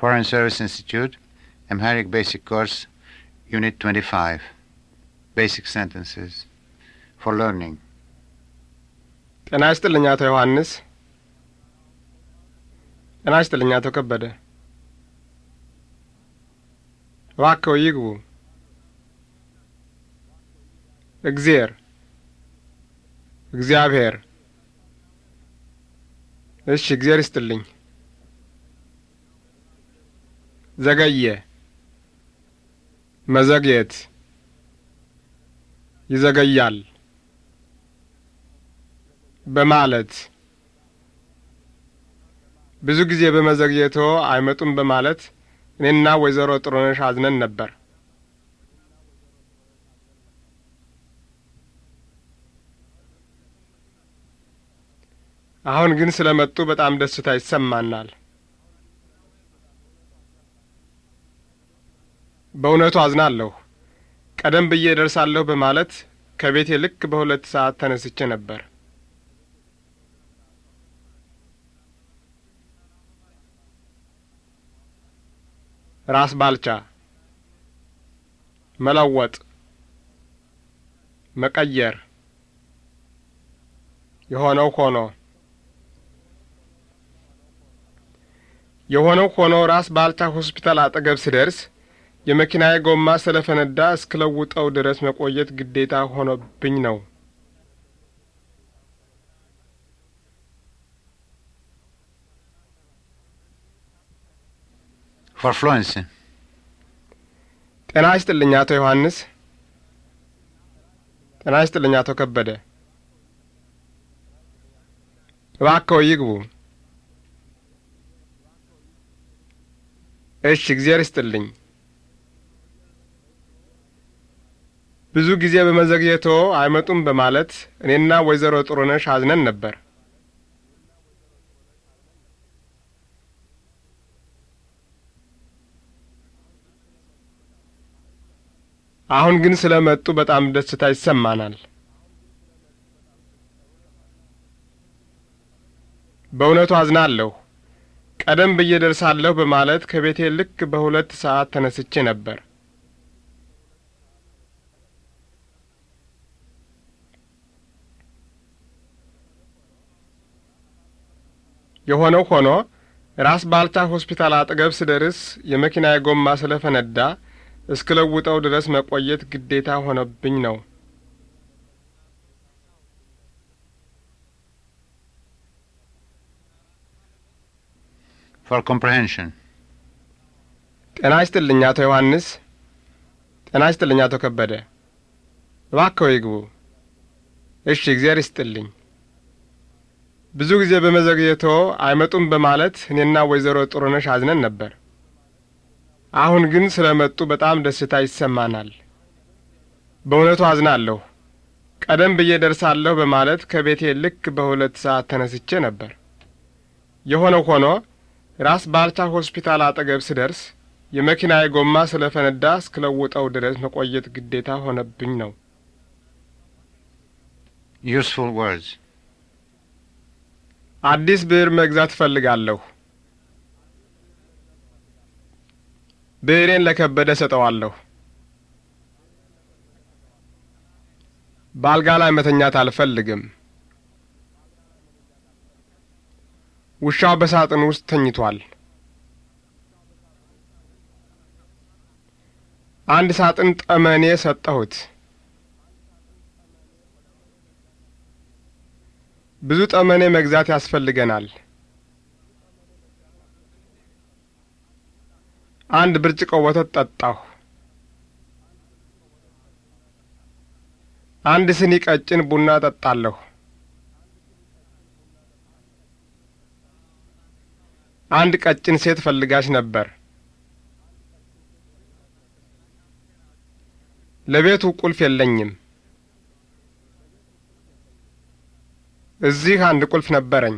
Foreign Service Institute, Amharic Basic Course, Unit 25, Basic Sentences for Learning. ጤና ይስጥልኝ አቶ ዮሐንስ። ጤና ይስጥልኝ አቶ ከበደ። እባክዎ ይግቡ። እግዜር እግዚአብሔር። እሺ፣ እግዜር ይስጥልኝ። ዘገየ፣ መዘግየት፣ ይዘገያል፣ በማለት ብዙ ጊዜ በመዘግየቶ አይመጡም በማለት እኔና ወይዘሮ ጥሩነሽ አዝነን ነበር። አሁን ግን ስለመጡ በጣም ደስታ ይሰማናል። በእውነቱ አዝናለሁ። ቀደም ብዬ ደርሳለሁ በማለት ከቤቴ ልክ በሁለት ሰዓት ተነስቼ ነበር። ራስ ባልቻ መለወጥ፣ መቀየር፣ የሆነው ሆኖ የሆነው ሆኖ ራስ ባልቻ ሆስፒታል አጠገብ ስደርስ የመኪናዬ ጎማ ስለፈነዳ እስክለውጠው ድረስ መቆየት ግዴታ ሆኖብኝ ነው። ፎር ጤና ይስጥልኝ አቶ ዮሐንስ። ጤና ይስጥልኝ አቶ ከበደ። እባክዎ ይግቡ። እሺ፣ እግዜር ይስጥልኝ። ብዙ ጊዜ በመዘግየቶ አይመጡም በማለት እኔና ወይዘሮ ጥሩነሽ አዝነን ነበር። አሁን ግን ስለ መጡ በጣም ደስታ ይሰማናል። በእውነቱ አዝናለሁ። ቀደም ብዬ ደርሳለሁ በማለት ከቤቴ ልክ በሁለት ሰዓት ተነስቼ ነበር። የሆነው ሆኖ ራስ ባልቻ ሆስፒታል አጠገብ ስደርስ የመኪና የጎማ ጎማ ስለፈነዳ እስክለውጠው ድረስ መቆየት ግዴታ ሆነብኝ ነው። ፎር ኮምፕሬንሽን ጤና ይስጥልኝ አቶ ዮሐንስ። ጤና ይስጥልኝ አቶ ከበደ። እባክዎ ይግቡ። እሺ፣ እግዚአብሔር ይስጥልኝ። ብዙ ጊዜ በመዘግየቶ አይመጡም በማለት እኔና ወይዘሮ ጥሩነሽ አዝነን ነበር። አሁን ግን ስለ መጡ በጣም ደስታ ይሰማናል። በእውነቱ አዝናለሁ። ቀደም ብዬ ደርሳለሁ በማለት ከቤቴ ልክ በሁለት ሰዓት ተነስቼ ነበር። የሆነው ሆኖ ራስ ባልቻ ሆስፒታል አጠገብ ስደርስ የመኪናዬ ጎማ ስለ ፈነዳ እስክለውጠው ድረስ መቆየት ግዴታ ሆነብኝ ነው። useful words አዲስ ብዕር መግዛት እፈልጋለሁ። ብዕሬን ለከበደ ሰጠዋለሁ። በአልጋ ላይ መተኛት አልፈልግም። ውሻው በሳጥን ውስጥ ተኝቷል። አንድ ሳጥን ጠመኔ ሰጠሁት። ብዙ ጠመኔ መግዛት ያስፈልገናል። አንድ ብርጭቆ ወተት ጠጣሁ። አንድ ስኒ ቀጭን ቡና ጠጣለሁ። አንድ ቀጭን ሴት ፈልጋች ነበር። ለቤቱ ቁልፍ የለኝም። እዚህ አንድ ቁልፍ ነበረኝ።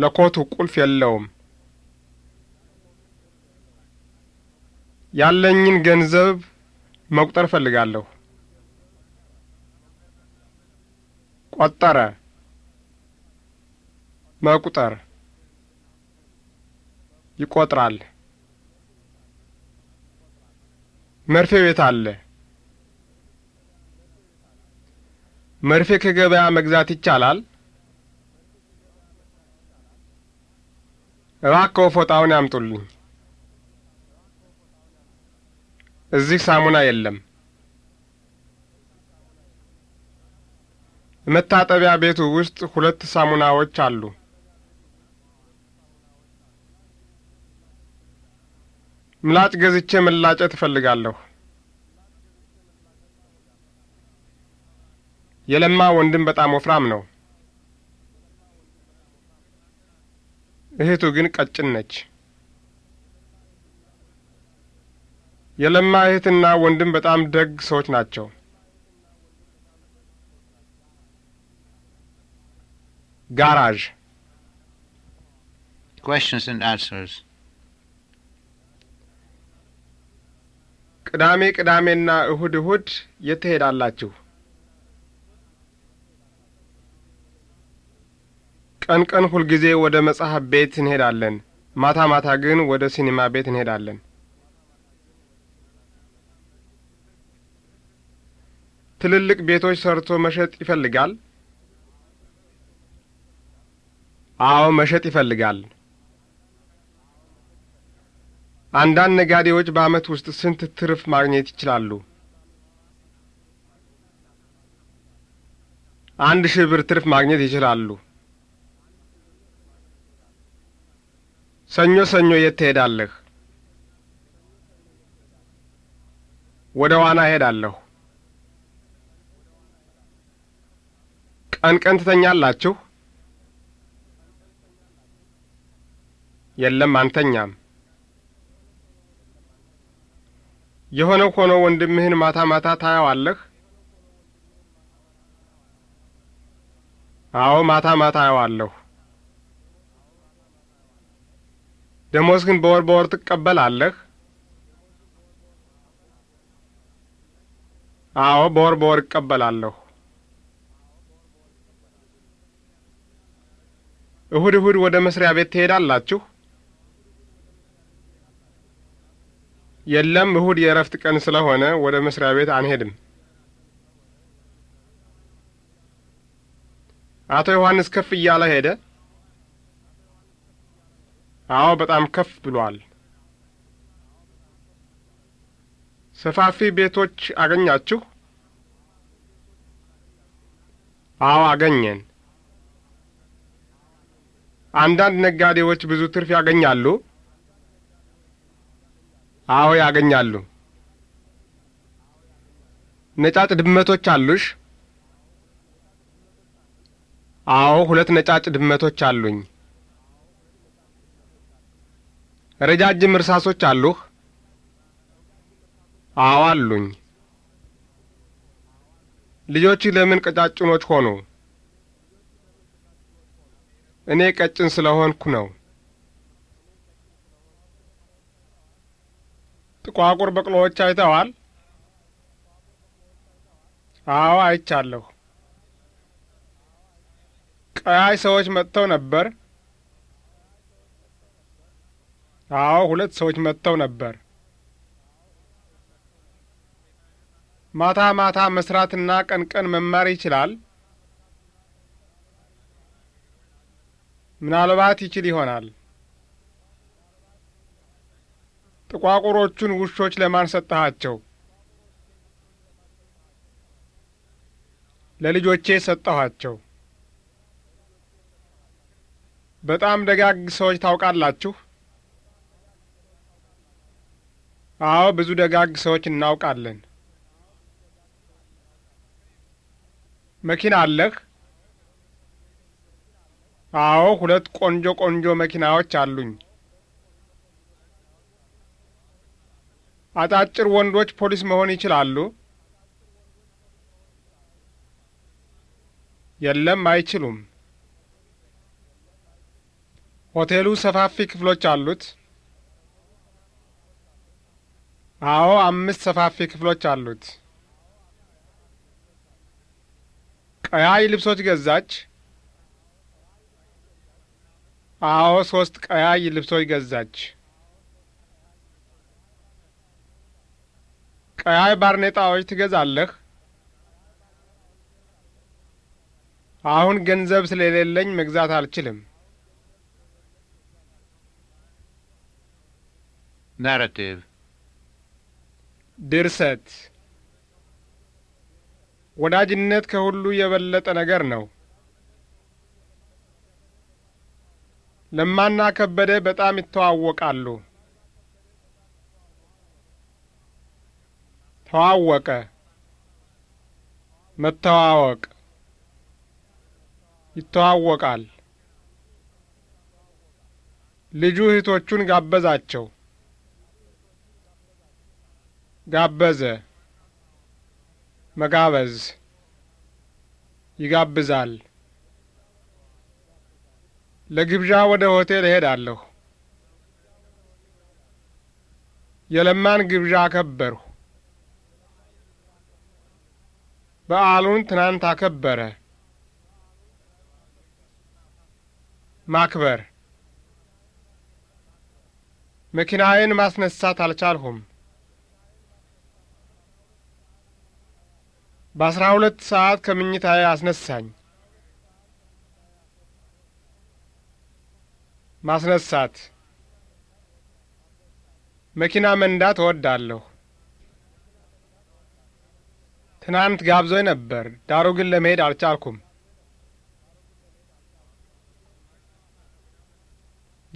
ለኮቱ ቁልፍ የለውም። ያለኝን ገንዘብ መቁጠር እፈልጋለሁ። ቆጠረ፣ መቁጠር፣ ይቆጥራል። መርፌ ቤት አለ። መርፌ ከገበያ መግዛት ይቻላል? እባክዎ ፎጣውን ያምጡልኝ። እዚህ ሳሙና የለም። መታጠቢያ ቤቱ ውስጥ ሁለት ሳሙናዎች አሉ። ምላጭ ገዝቼ መላጨት እፈልጋለሁ። የለማ ወንድም በጣም ወፍራም ነው። እህቱ ግን ቀጭን ነች። የለማ እህትና ወንድም በጣም ደግ ሰዎች ናቸው። ጋራዥ ቅዳሜ ቅዳሜና እሁድ እሁድ የት ትሄዳላችሁ? ቀን ቀን ሁልጊዜ ወደ መጽሐፍ ቤት እንሄዳለን። ማታ ማታ ግን ወደ ሲኒማ ቤት እንሄዳለን። ትልልቅ ቤቶች ሰርቶ መሸጥ ይፈልጋል? አዎ፣ መሸጥ ይፈልጋል። አንዳንድ ነጋዴዎች በዓመት ውስጥ ስንት ትርፍ ማግኘት ይችላሉ? አንድ ሺህ ብር ትርፍ ማግኘት ይችላሉ። ሰኞ ሰኞ የት ትሄዳለህ? ወደ ዋና እሄዳለሁ። ቀን ቀን ትተኛላችሁ? የለም አንተኛም። የሆነ ሆኖ ወንድምህን ማታ ማታ ታየዋለህ? አዎ ማታ ማታ አየዋለሁ። ግን በወር በወር ትቀበላለህ? አዎ፣ በወር በወር እቀበላለሁ። እሁድ እሁድ ወደ መስሪያ ቤት ትሄዳላችሁ? የለም፣ እሁድ የእረፍት ቀን ስለሆነ ወደ መስሪያ ቤት አንሄድም። አቶ ዮሐንስ ከፍ እያለ ሄደ። አዎ በጣም ከፍ ብሏል። ሰፋፊ ቤቶች አገኛችሁ? አዎ አገኘን። አንዳንድ ነጋዴዎች ብዙ ትርፍ ያገኛሉ? አዎ ያገኛሉ። ነጫጭ ድመቶች አሉሽ? አዎ ሁለት ነጫጭ ድመቶች አሉኝ። ረጃጅም እርሳሶች አሉህ? አዎ አሉኝ። ልጆች ለምን ቀጫጭኖች ሆኑ? እኔ ቀጭን ስለሆንኩ ነው። ጥቋቁር በቅሎዎች አይተዋል? አዎ አይቻለሁ። ቀያይ ሰዎች መጥተው ነበር? አዎ፣ ሁለት ሰዎች መጥተው ነበር። ማታ ማታ መስራትና ቀን ቀን መማር ይችላል? ምናልባት ይችል ይሆናል። ጥቋቁሮቹን ውሾች ለማን ሰጠሃቸው? ለልጆቼ ሰጠኋቸው። በጣም ደጋግ ሰዎች ታውቃላችሁ? አዎ ብዙ ደጋግ ሰዎች እናውቃለን። መኪና አለህ? አዎ ሁለት ቆንጆ ቆንጆ መኪናዎች አሉኝ። አጫጭር ወንዶች ፖሊስ መሆን ይችላሉ? የለም አይችሉም። ሆቴሉ ሰፋፊ ክፍሎች አሉት? አዎ፣ አምስት ሰፋፊ ክፍሎች አሉት። ቀያይ ልብሶች ገዛች። አዎ፣ ሶስት ቀያይ ልብሶች ገዛች። ቀያይ ባርኔጣዎች ትገዛለህ? አሁን ገንዘብ ስለሌለኝ መግዛት አልችልም። ናራቲቭ ድርሰት ወዳጅነት ከሁሉ የበለጠ ነገር ነው። ለማና ከበደ በጣም ይተዋወቃሉ። ተዋወቀ፣ መተዋወቅ፣ ይተዋወቃል። ልጁ እህቶቹን ጋበዛቸው። ጋበዘ፣ መጋበዝ፣ ይጋብዛል። ለግብዣ ወደ ሆቴል እሄዳለሁ። የለማን ግብዣ አከበርሁ። በዓሉን ትናንት አከበረ። ማክበር መኪናዬን ማስነሳት አልቻልሁም። በአስራ ሁለት ሰዓት ከምኝታ አስነሳኝ። ማስነሳት መኪና መንዳት እወዳለሁ። ትናንት ጋብዞኝ ነበር፣ ዳሩ ግን ለመሄድ አልቻልኩም።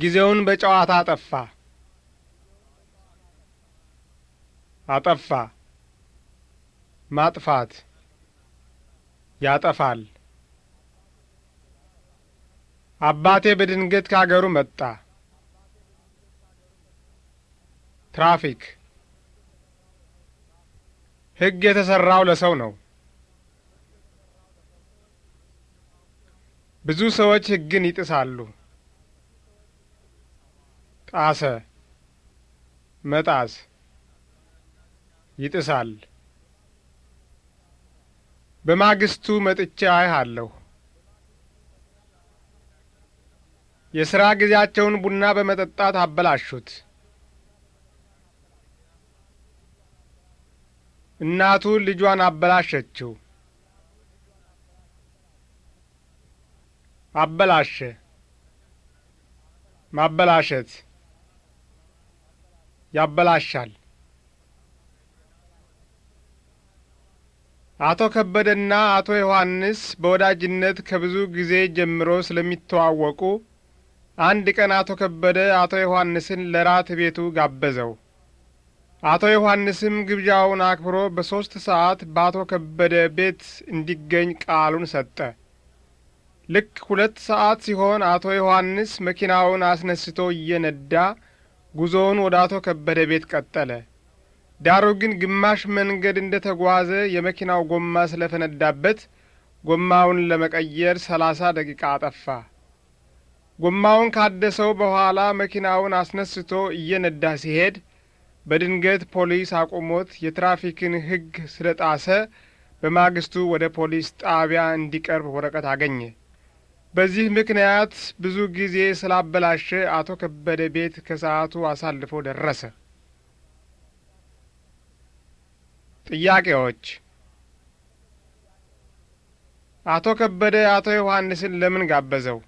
ጊዜውን በጨዋታ አጠፋ። አጠፋ ማጥፋት ያጠፋል። አባቴ በድንገት ከአገሩ መጣ። ትራፊክ ሕግ የተሠራው ለሰው ነው። ብዙ ሰዎች ሕግን ይጥሳሉ። ጣሰ፣ መጣስ፣ ይጥሳል። በማግስቱ መጥቼ አይሃለሁ። የሥራ ጊዜያቸውን ቡና በመጠጣት አበላሹት። እናቱ ልጇን አበላሸችው። አበላሸ፣ ማበላሸት፣ ያበላሻል። አቶ ከበደና አቶ ዮሐንስ በወዳጅነት ከብዙ ጊዜ ጀምሮ ስለሚተዋወቁ አንድ ቀን አቶ ከበደ አቶ ዮሐንስን ለራት ቤቱ ጋበዘው። አቶ ዮሐንስም ግብዣውን አክብሮ በሦስት ሰዓት በአቶ ከበደ ቤት እንዲገኝ ቃሉን ሰጠ። ልክ ሁለት ሰዓት ሲሆን አቶ ዮሐንስ መኪናውን አስነስቶ እየነዳ ጉዞውን ወደ አቶ ከበደ ቤት ቀጠለ። ዳሩ ግን ግማሽ መንገድ እንደ ተጓዘ የመኪናው ጎማ ስለፈነዳበት ጎማውን ለመቀየር ሰላሳ ደቂቃ አጠፋ። ጎማውን ካደሰው በኋላ መኪናውን አስነስቶ እየነዳ ሲሄድ በድንገት ፖሊስ አቁሞት የትራፊክን ሕግ ስለ ጣሰ በማግስቱ ወደ ፖሊስ ጣቢያ እንዲቀርብ ወረቀት አገኘ። በዚህ ምክንያት ብዙ ጊዜ ስላበላሸ አቶ ከበደ ቤት ከሰዓቱ አሳልፎ ደረሰ። ጥያቄዎች አቶ ከበደ አቶ ዮሐንስን ለምን ጋበዘው?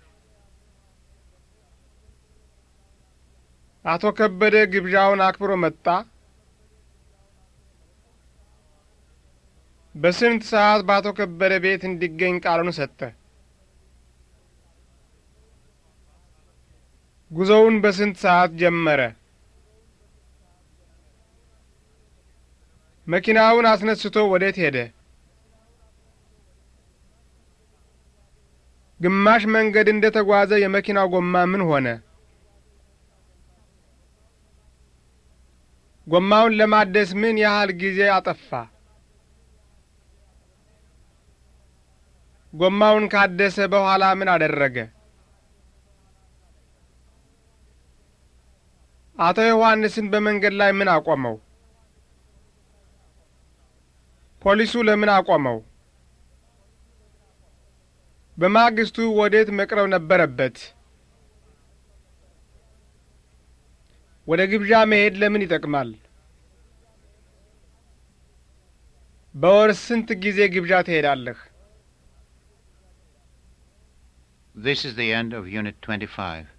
አቶ ከበደ ግብዣውን አክብሮ መጣ? በስንት ሰዓት በአቶ ከበደ ቤት እንዲገኝ ቃሉን ሰጠ? ጉዞውን በስንት ሰዓት ጀመረ? መኪናውን አስነስቶ ወዴት ሄደ? ግማሽ መንገድ እንደ ተጓዘ የመኪናው ጎማ ምን ሆነ? ጎማውን ለማደስ ምን ያህል ጊዜ አጠፋ? ጎማውን ካደሰ በኋላ ምን አደረገ? አቶ ዮሐንስን በመንገድ ላይ ምን አቆመው? ፖሊሱ ለምን አቆመው? በማግስቱ ወዴት መቅረብ ነበረበት? ወደ ግብዣ መሄድ ለምን ይጠቅማል? በወር ስንት ጊዜ ግብዣ ትሄዳለህ? This is the end of Unit 25.